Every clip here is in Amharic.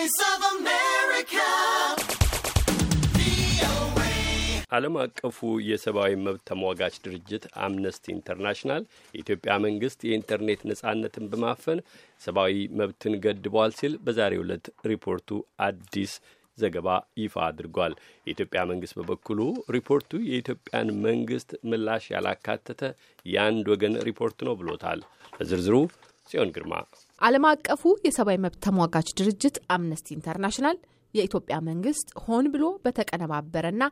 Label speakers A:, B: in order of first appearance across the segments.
A: Voice
B: ዓለም አቀፉ የሰብአዊ መብት ተሟጋች ድርጅት አምነስቲ ኢንተርናሽናል የኢትዮጵያ መንግስት የኢንተርኔት ነጻነትን በማፈን ሰብአዊ መብትን ገድቧል ሲል በዛሬው ዕለት ሪፖርቱ አዲስ ዘገባ ይፋ አድርጓል። የኢትዮጵያ መንግስት በበኩሉ ሪፖርቱ የኢትዮጵያን መንግስት ምላሽ ያላካተተ የአንድ ወገን ሪፖርት ነው ብሎታል። በዝርዝሩ ጽዮን ግርማ
A: ዓለም አቀፉ የሰብአዊ መብት ተሟጋች ድርጅት አምነስቲ ኢንተርናሽናል የኢትዮጵያ መንግስት ሆን ብሎ በተቀነባበረና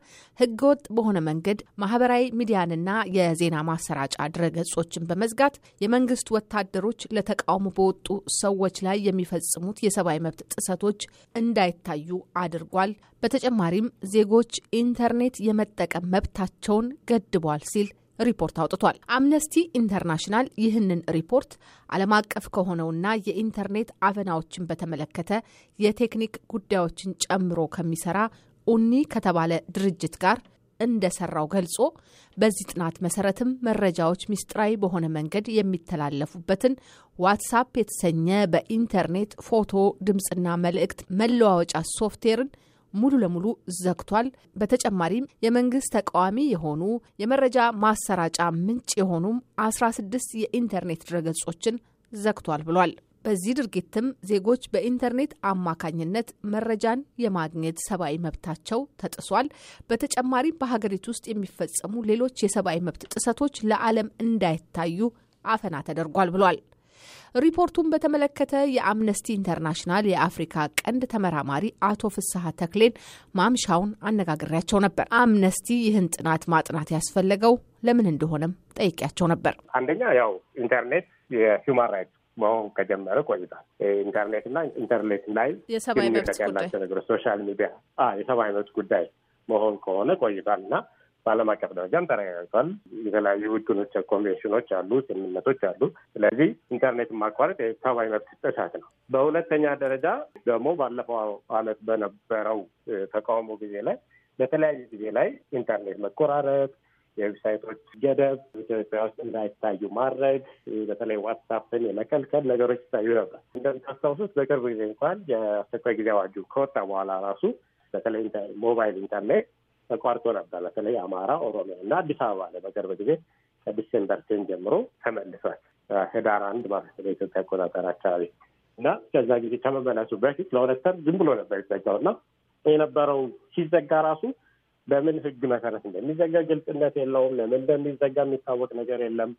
A: ህገወጥ በሆነ መንገድ ማህበራዊ ሚዲያንና የዜና ማሰራጫ ድረገጾችን በመዝጋት የመንግስት ወታደሮች ለተቃውሞ በወጡ ሰዎች ላይ የሚፈጽሙት የሰብአዊ መብት ጥሰቶች እንዳይታዩ አድርጓል። በተጨማሪም ዜጎች ኢንተርኔት የመጠቀም መብታቸውን ገድቧል ሲል ሪፖርት አውጥቷል። አምነስቲ ኢንተርናሽናል ይህንን ሪፖርት ዓለም አቀፍ ከሆነውና የኢንተርኔት አፈናዎችን በተመለከተ የቴክኒክ ጉዳዮችን ጨምሮ ከሚሰራ ኡኒ ከተባለ ድርጅት ጋር እንደሰራው ገልጾ በዚህ ጥናት መሰረትም መረጃዎች ሚስጥራዊ በሆነ መንገድ የሚተላለፉበትን ዋትሳፕ የተሰኘ በኢንተርኔት ፎቶ፣ ድምፅና መልእክት መለዋወጫ ሶፍትዌርን ሙሉ ለሙሉ ዘግቷል። በተጨማሪም የመንግስት ተቃዋሚ የሆኑ የመረጃ ማሰራጫ ምንጭ የሆኑም 16 የኢንተርኔት ድረገጾችን ዘግቷል ብሏል። በዚህ ድርጊትም ዜጎች በኢንተርኔት አማካኝነት መረጃን የማግኘት ሰብአዊ መብታቸው ተጥሷል። በተጨማሪም በሀገሪቱ ውስጥ የሚፈጸሙ ሌሎች የሰብአዊ መብት ጥሰቶች ለዓለም እንዳይታዩ አፈና ተደርጓል ብሏል። ሪፖርቱን በተመለከተ የአምነስቲ ኢንተርናሽናል የአፍሪካ ቀንድ ተመራማሪ አቶ ፍስሐ ተክሌን ማምሻውን አነጋግሬያቸው ነበር። አምነስቲ ይህን ጥናት ማጥናት ያስፈለገው ለምን እንደሆነም ጠይቄያቸው ነበር።
B: አንደኛ ያው ኢንተርኔት የሂውማን ራይትስ መሆን ከጀመረ ቆይቷል። ኢንተርኔትና ኢንተርኔት ላይ ያላቸው ነገሮች ሶሻል ሚዲያ የሰብአዊ መብት ጉዳይ መሆን ከሆነ ቆይቷል እና በዓለም አቀፍ ደረጃም ተረጋግጧል። የተለያዩ ውድኖች፣ ኮንቬንሽኖች አሉ፣ ስምምነቶች አሉ። ስለዚህ ኢንተርኔት ማቋረጥ የሰብአዊ መብት ጥሰት ነው። በሁለተኛ ደረጃ ደግሞ ባለፈው ዓመት በነበረው ተቃውሞ ጊዜ ላይ በተለያዩ ጊዜ ላይ ኢንተርኔት መቆራረጥ፣ የዌብሳይቶች ገደብ ኢትዮጵያ ውስጥ እንዳይታዩ ማድረግ፣ በተለይ ዋትሳፕን የመከልከል ነገሮች ይታዩ ነበር። እንደምታስታውሱት በቅርብ ጊዜ እንኳን የአስቸኳይ ጊዜ አዋጁ ከወጣ በኋላ ራሱ በተለይ ሞባይል ኢንተርኔት ተቋርጦ ነበር። በተለይ አማራ፣ ኦሮሚያ እና አዲስ አበባ ላይ በቅርብ ጊዜ ከዲሴምበር ቴን ጀምሮ ተመልሷል። ህዳር አንድ ማለት በኢትዮጵያ አቆጣጠር አካባቢ እና ከዛ ጊዜ ከመመለሱ በፊት ለሁለት ወር ዝም ብሎ ነበር የተዘጋው እና የነበረው ሲዘጋ ራሱ በምን ህግ መሰረት እንደሚዘጋ ግልጽነት የለውም። ለምን እንደሚዘጋ የሚታወቅ ነገር የለም።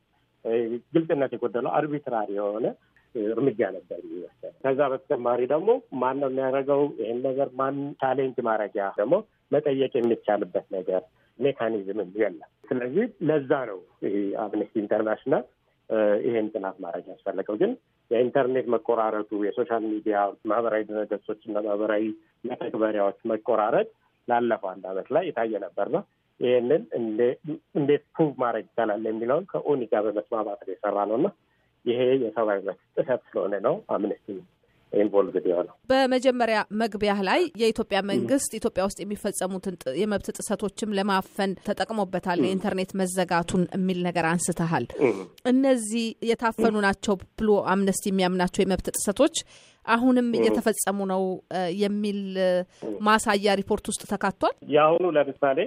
B: ግልጽነት የጎደለው አርቢትራሪ የሆነ እርምጃ ነበር የሚወሰድ። ከዛ በተጨማሪ ደግሞ ማን ነው የሚያደርገው ይህን ነገር ማን ቻሌንጅ ማድረጊያ ደግሞ መጠየቅ የሚቻልበት ነገር ሜካኒዝምም የለም። ስለዚህ ለዛ ነው ይሄ አምነስቲ ኢንተርናሽናል ይሄን ጥናት ማድረግ ያስፈለገው። ግን የኢንተርኔት መቆራረጡ የሶሻል ሚዲያ ማህበራዊ ድረገጾች እና ማህበራዊ መተግበሪያዎች መቆራረጥ ላለፈው አንድ አመት ላይ የታየ ነበር ነው። ይህንን እንዴት ፕሩቭ ማድረግ ይቻላል የሚለውን ከኦኒ ጋር በመስማማት የሰራ ነው እና ይሄ የሰብአዊ መብት ጥሰት ስለሆነ ነው አምነስቲ ኢንቮልቭድ የሆነው።
A: በመጀመሪያ መግቢያ ላይ የኢትዮጵያ መንግስት ኢትዮጵያ ውስጥ የሚፈጸሙትን የመብት ጥሰቶችም ለማፈን ተጠቅሞበታል የኢንተርኔት መዘጋቱን የሚል ነገር አንስተሃል። እነዚህ የታፈኑ ናቸው ብሎ አምነስቲ የሚያምናቸው የመብት ጥሰቶች አሁንም እየተፈጸሙ ነው የሚል ማሳያ ሪፖርት ውስጥ ተካቷል።
B: የአሁኑ ለምሳሌ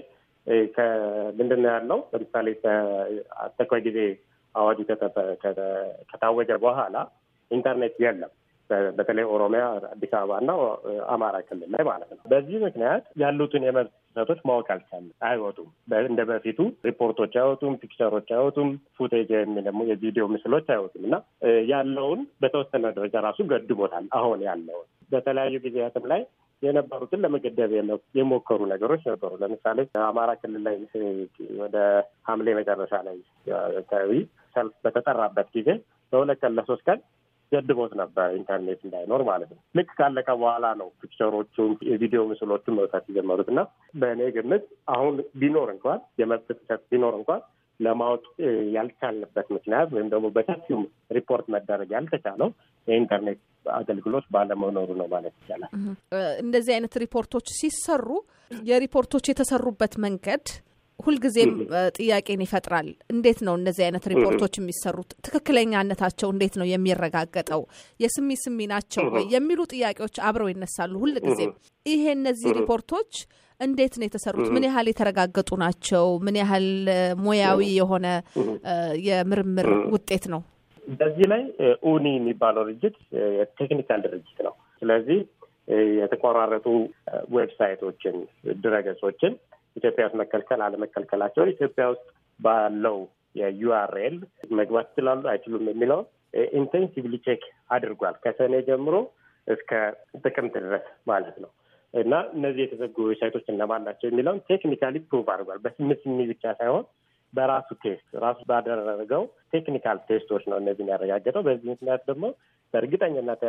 B: ምንድን ነው ያለው? ለምሳሌ አስቸኳይ ጊዜ አዋጁ ከታወጀ በኋላ ኢንተርኔት የለም። በተለይ ኦሮሚያ፣ አዲስ አበባ እና አማራ ክልል ላይ ማለት ነው። በዚህ ምክንያት ያሉትን የመብት ጥሰቶች ማወቅ አልቻለም። አይወጡም፣ እንደ በፊቱ ሪፖርቶች አይወጡም፣ ፒክቸሮች አይወጡም፣ ፉቴጅ ወይም ደግሞ የቪዲዮ ምስሎች አይወጡም እና ያለውን በተወሰነ ደረጃ ራሱ ገድቦታል። አሁን ያለውን በተለያዩ ጊዜያትም ላይ የነበሩትን ለመገደብ የሞከሩ ነገሮች ነበሩ። ለምሳሌ አማራ ክልል ላይ ወደ ሐምሌ መጨረሻ ላይ አካባቢ ሰልፍ በተጠራበት ጊዜ በሁለት ቀን ለሶስት ቀን ገድቦት ነበር፣ ኢንተርኔት እንዳይኖር ማለት ነው። ልክ ካለቀ በኋላ ነው ፒክቸሮቹን የቪዲዮ ምስሎቹን መውጣት የጀመሩት እና በእኔ ግምት አሁን ቢኖር እንኳን የመብት ጥሰት ቢኖር እንኳን ለማወቅ ያልቻልንበት ምክንያት ወይም ደግሞ በሰፊው ሪፖርት መደረግ ያልተቻለው የኢንተርኔት አገልግሎት ባለመኖሩ ነው ማለት
A: ይቻላል። እንደዚህ አይነት ሪፖርቶች ሲሰሩ የሪፖርቶች የተሰሩበት መንገድ ሁልጊዜም ጥያቄን ይፈጥራል። እንዴት ነው እነዚህ አይነት ሪፖርቶች የሚሰሩት? ትክክለኛነታቸው እንዴት ነው የሚረጋገጠው? የስሚ ስሚ ናቸው ወይ የሚሉ ጥያቄዎች አብረው ይነሳሉ ሁልጊዜም። ይሄ እነዚህ ሪፖርቶች እንዴት ነው የተሰሩት? ምን ያህል የተረጋገጡ ናቸው? ምን ያህል ሙያዊ የሆነ የምርምር ውጤት ነው?
B: በዚህ ላይ ኡኒ የሚባለው ድርጅት የቴክኒካል ድርጅት ነው። ስለዚህ የተቆራረጡ ዌብሳይቶችን፣ ድረገጾችን ኢትዮጵያ ውስጥ መከልከል አለመከልከላቸው ኢትዮጵያ ውስጥ ባለው የዩአርኤል መግባት ይችላሉ አይችሉም የሚለውን ኢንቴንሲቭሊ ቼክ አድርጓል ከሰኔ ጀምሮ እስከ ጥቅምት ድረስ ማለት ነው። እና እነዚህ የተዘጉ ዌብሳይቶች እነማን ናቸው የሚለውን ቴክኒካሊ ፕሩቭ አድርጓል። በስምንት ብቻ ሳይሆን በራሱ ቴስት ራሱ ባደረገው ቴክኒካል ቴስቶች ነው እነዚህን ያረጋገጠው። በዚህ ምክንያት ደግሞ በእርግጠኝነት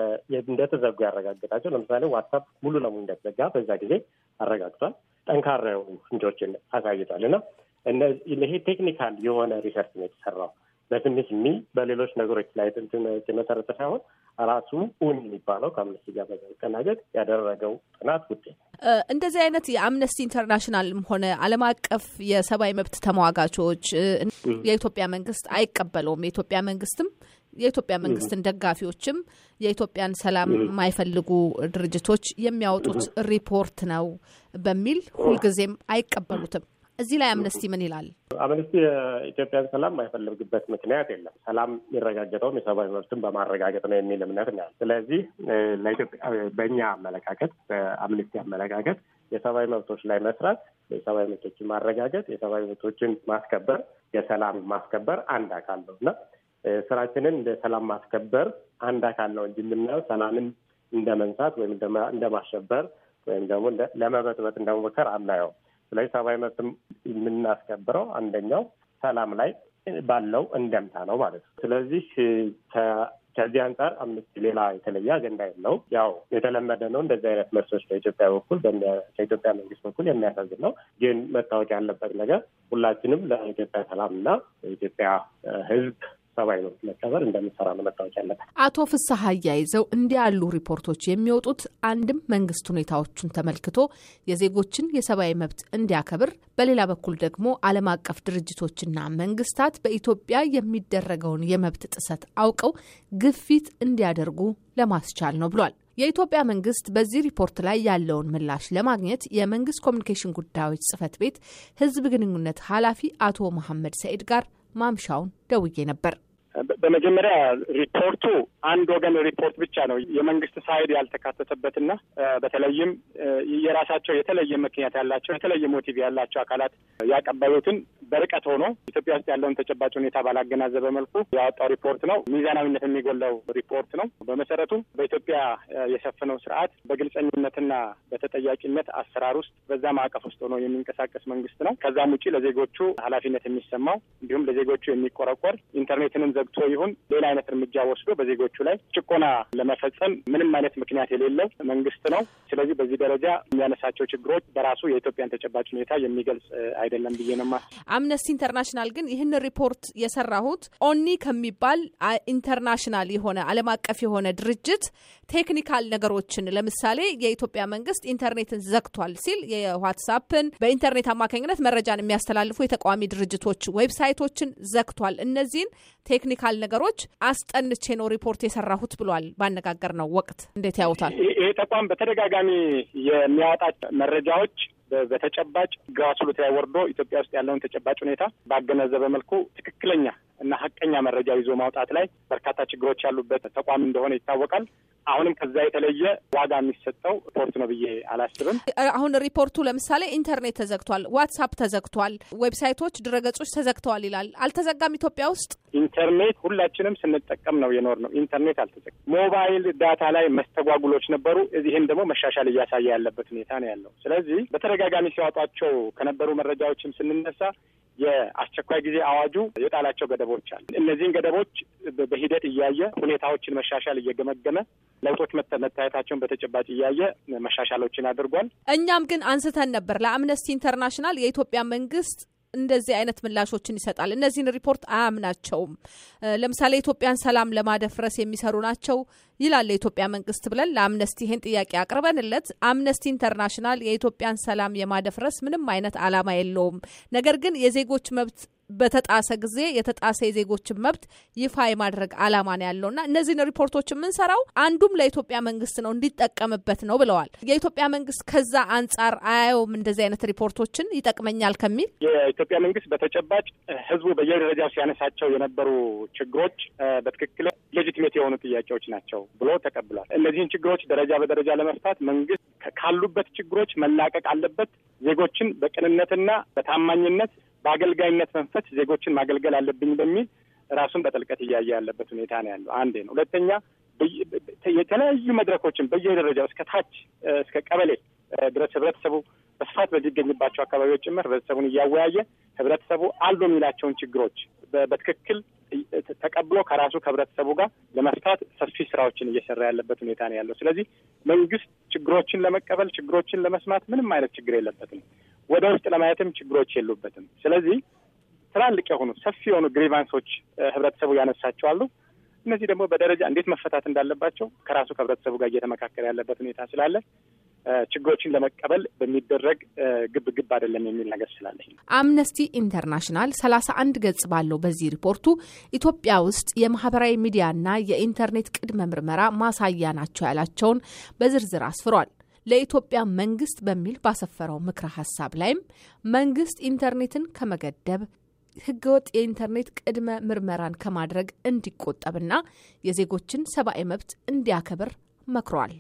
B: እንደተዘጉ ያረጋግጣቸው ለምሳሌ ዋትሳፕ ሙሉ ለሙሉ እንደተዘጋ በዛ ጊዜ አረጋግጧል። ጠንካራ የሆኑ ፍንጮችን አሳይቷል እና ይሄ ቴክኒካል የሆነ ሪሰርች ነው የተሰራው በትንሽ ሚ በሌሎች ነገሮች ላይ የመሰረተ ሳይሆን ራሱ ኡን የሚባለው ከአምነስቲ ጋር በመቀናጀት ያደረገው ጥናት ውጤት
A: እንደዚህ አይነት የአምነስቲ ኢንተርናሽናልም ሆነ ዓለም አቀፍ የሰብአዊ መብት ተሟጋቾች የኢትዮጵያ መንግስት አይቀበለውም። የኢትዮጵያ መንግስትም የኢትዮጵያ መንግስትን ደጋፊዎችም የኢትዮጵያን ሰላም የማይፈልጉ ድርጅቶች የሚያወጡት ሪፖርት ነው በሚል ሁልጊዜም አይቀበሉትም። እዚህ ላይ አምነስቲ ምን ይላል?
B: አምነስቲ የኢትዮጵያን ሰላም የማይፈልግበት ምክንያት የለም። ሰላም የሚረጋገጠውም የሰብአዊ መብትን በማረጋገጥ ነው የሚል እምነት ነው። ስለዚህ ለኢትዮጵያ በእኛ አመለካከት፣ በአምነስቲ አመለካከት የሰብአዊ መብቶች ላይ መስራት፣ የሰብአዊ መብቶችን ማረጋገጥ፣ የሰብአዊ መብቶችን ማስከበር፣ የሰላም ማስከበር አንድ አካል ነው እና ስራችንን እንደ ሰላም ማስከበር አንድ አካል ነው እንጂ የምናየው ሰላምን እንደ መንሳት ወይም እንደ ማሸበር ወይም ደግሞ ለመበጥበጥ እንደመሞከር አናየው። ስለዚህ ሰብአዊ መብት የምናስከብረው አንደኛው ሰላም ላይ ባለው እንደምታ ነው ማለት ነው። ስለዚህ ከዚህ አንጻር አምስት ሌላ የተለየ አጀንዳ የለው። ያው የተለመደ ነው እንደዚህ አይነት መርሶች በኢትዮጵያ በኩል ከኢትዮጵያ መንግስት በኩል የሚያሳዝን ነው። ግን መታወቅ ያለበት ነገር ሁላችንም ለኢትዮጵያ ሰላም እና ለኢትዮጵያ ሕዝብ ሰብአዊ መብት መከበር እንደምንሰራ ነው መታወቅ ያለበት።
A: አቶ ፍስሀ አያይዘው እንዲህ ያሉ ሪፖርቶች የሚወጡት አንድም መንግስት ሁኔታዎቹን ተመልክቶ የዜጎችን የሰብአዊ መብት እንዲያከብር፣ በሌላ በኩል ደግሞ ዓለም አቀፍ ድርጅቶችና መንግስታት በኢትዮጵያ የሚደረገውን የመብት ጥሰት አውቀው ግፊት እንዲያደርጉ ለማስቻል ነው ብሏል። የኢትዮጵያ መንግስት በዚህ ሪፖርት ላይ ያለውን ምላሽ ለማግኘት የመንግስት ኮሚኒኬሽን ጉዳዮች ጽህፈት ቤት ህዝብ ግንኙነት ኃላፊ አቶ መሐመድ ሰኢድ ጋር ማምሻውን ደውዬ ነበር።
C: በመጀመሪያ ሪፖርቱ አንድ ወገን ሪፖርት ብቻ ነው የመንግስት ሳይድ ያልተካተተበትና በተለይም የራሳቸው የተለየ ምክንያት ያላቸው የተለየ ሞቲቭ ያላቸው አካላት ያቀበሉትን በርቀት ሆኖ ኢትዮጵያ ውስጥ ያለውን ተጨባጭ ሁኔታ ባላገናዘበ መልኩ ያወጣው ሪፖርት ነው። ሚዛናዊነት የሚጎላው ሪፖርት ነው። በመሰረቱ በኢትዮጵያ የሰፈነው ስርዓት በግልጸኝነትና በተጠያቂነት አሰራር ውስጥ በዛ ማዕቀፍ ውስጥ ሆኖ የሚንቀሳቀስ መንግስት ነው። ከዛም ውጪ ለዜጎቹ ኃላፊነት የሚሰማው እንዲሁም ለዜጎቹ የሚቆረቆር ኢንተርኔትንም ገብቶ ይሁን ሌላ አይነት እርምጃ ወስዶ በዜጎቹ ላይ ጭቆና ለመፈጸም ምንም አይነት ምክንያት የሌለው መንግስት ነው። ስለዚህ በዚህ ደረጃ የሚያነሳቸው ችግሮች በራሱ የኢትዮጵያን ተጨባጭ ሁኔታ የሚገልጽ
A: አይደለም ብዬ ነው የማስበው። አምነስቲ ኢንተርናሽናል ግን ይህን ሪፖርት የሰራሁት ኦኒ ከሚባል ኢንተርናሽናል የሆነ ዓለም አቀፍ የሆነ ድርጅት ቴክኒካል ነገሮችን ለምሳሌ የኢትዮጵያ መንግስት ኢንተርኔትን ዘግቷል ሲል የዋትሳፕን በኢንተርኔት አማካኝነት መረጃን የሚያስተላልፉ የተቃዋሚ ድርጅቶች ዌብሳይቶችን ዘግቷል። እነዚህን ቴክኒ ቴክኒካል ነገሮች አስጠንቼ ነው ሪፖርት የሰራሁት ብሏል። ባነጋገር ነው ወቅት እንዴት ያውታል? ይህ
C: ተቋም በተደጋጋሚ የሚያወጣ መረጃዎች በተጨባጭ ግራስሩት ላይ ወርዶ ኢትዮጵያ ውስጥ ያለውን ተጨባጭ ሁኔታ ባገነዘበ መልኩ ትክክለኛ እና ሀቀኛ መረጃ ይዞ ማውጣት ላይ በርካታ ችግሮች ያሉበት ተቋም እንደሆነ ይታወቃል። አሁንም ከዛ የተለየ ዋጋ የሚሰጠው ሪፖርት ነው ብዬ አላስብም።
A: አሁን ሪፖርቱ ለምሳሌ ኢንተርኔት ተዘግቷል፣ ዋትሳፕ ተዘግቷል፣ ዌብሳይቶች፣ ድረገጾች ተዘግተዋል ይላል። አልተዘጋም ኢትዮጵያ ውስጥ
C: ኢንተርኔት ሁላችንም ስንጠቀም ነው የኖር ነው። ኢንተርኔት አልተዘጋም። ሞባይል ዳታ ላይ መስተጓጉሎች ነበሩ። እዚህም ደግሞ መሻሻል እያሳየ ያለበት ሁኔታ ነው ያለው። ስለዚህ በተደጋ በተደጋጋሚ ሲያወጧቸው ከነበሩ መረጃዎችም ስንነሳ የአስቸኳይ ጊዜ አዋጁ የጣላቸው ገደቦች አሉ። እነዚህን ገደቦች በሂደት እያየ ሁኔታዎችን መሻሻል እየገመገመ ለውጦች መታየታቸውን በተጨባጭ እያየ መሻሻሎችን አድርጓል።
A: እኛም ግን አንስተን ነበር ለአምነስቲ ኢንተርናሽናል የኢትዮጵያ መንግስት እንደዚህ አይነት ምላሾችን ይሰጣል። እነዚህን ሪፖርት አያምናቸውም። ለምሳሌ ኢትዮጵያን ሰላም ለማደፍረስ የሚሰሩ ናቸው ይላል የኢትዮጵያ መንግስት ብለን ለአምነስቲ ይህን ጥያቄ አቅርበንለት አምነስቲ ኢንተርናሽናል የኢትዮጵያን ሰላም የማደፍረስ ምንም አይነት ዓላማ የለውም፣ ነገር ግን የዜጎች መብት በተጣሰ ጊዜ የተጣሰ የዜጎችን መብት ይፋ የማድረግ አላማ ነው ያለውና እነዚህን ሪፖርቶች የምንሰራው አንዱም ለኢትዮጵያ መንግስት ነው እንዲጠቀምበት ነው ብለዋል። የኢትዮጵያ መንግስት ከዛ አንጻር አያየውም እንደዚህ አይነት ሪፖርቶችን ይጠቅመኛል ከሚል
C: የኢትዮጵያ መንግስት በተጨባጭ ህዝቡ በየደረጃው ሲያነሳቸው የነበሩ ችግሮች በትክክል ሌጂትሜት የሆኑ ጥያቄዎች ናቸው ብሎ ተቀብሏል። እነዚህን ችግሮች ደረጃ በደረጃ ለመፍታት መንግስት ካሉበት ችግሮች መላቀቅ አለበት። ዜጎችን በቅንነትና በታማኝነት በአገልጋይነት መንፈስ ዜጎችን ማገልገል አለብኝ በሚል ራሱን በጥልቀት እያየ ያለበት ሁኔታ ነው ያለው። አንዴ ነው። ሁለተኛ የተለያዩ መድረኮችን በየደረጃው እስከ ታች እስከ ቀበሌ ድረስ ህብረተሰቡ በስፋት በሚገኝባቸው አካባቢዎች ጭምር ህብረተሰቡን እያወያየ ህብረተሰቡ አሉ የሚላቸውን ችግሮች በትክክል ተቀብሎ ከራሱ ከህብረተሰቡ ጋር ለመፍታት ሰፊ ስራዎችን እየሰራ ያለበት ሁኔታ ነው ያለው። ስለዚህ መንግስት ችግሮችን ለመቀበል ችግሮችን ለመስማት ምንም አይነት ችግር የለበትም። ወደ ውስጥ ለማየትም ችግሮች የሉበትም። ስለዚህ ትላልቅ የሆኑ ሰፊ የሆኑ ግሪቫንሶች ህብረተሰቡ ያነሳቸው አሉ። እነዚህ ደግሞ በደረጃ እንዴት መፈታት እንዳለባቸው ከራሱ ከህብረተሰቡ ጋር እየተመካከለ ያለበት ሁኔታ ስላለ ችግሮችን ለመቀበል በሚደረግ ግብ ግብ አይደለም የሚል ነገር ስላለኝ
A: አምነስቲ ኢንተርናሽናል ሰላሳ አንድ ገጽ ባለው በዚህ ሪፖርቱ ኢትዮጵያ ውስጥ የማህበራዊ ሚዲያና የኢንተርኔት ቅድመ ምርመራ ማሳያ ናቸው ያላቸውን በዝርዝር አስፍሯል። ለኢትዮጵያ መንግስት በሚል ባሰፈረው ምክረ ሀሳብ ላይም መንግስት ኢንተርኔትን ከመገደብ ህገወጥ የኢንተርኔት ቅድመ ምርመራን ከማድረግ እንዲቆጠብና የዜጎችን ሰብአዊ መብት እንዲያከብር መክሯል።